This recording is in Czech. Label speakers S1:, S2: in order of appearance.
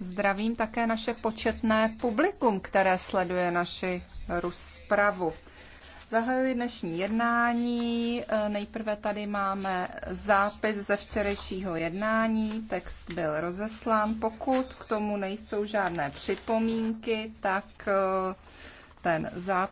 S1: Zdravím také naše početné publikum, které sleduje naši rozpravu. Zahajuji dnešní jednání. E, nejprve tady máme zápis ze včerejšího jednání. Text byl rozeslán. Pokud k tomu nejsou žádné připomínky, tak e, ten zápis.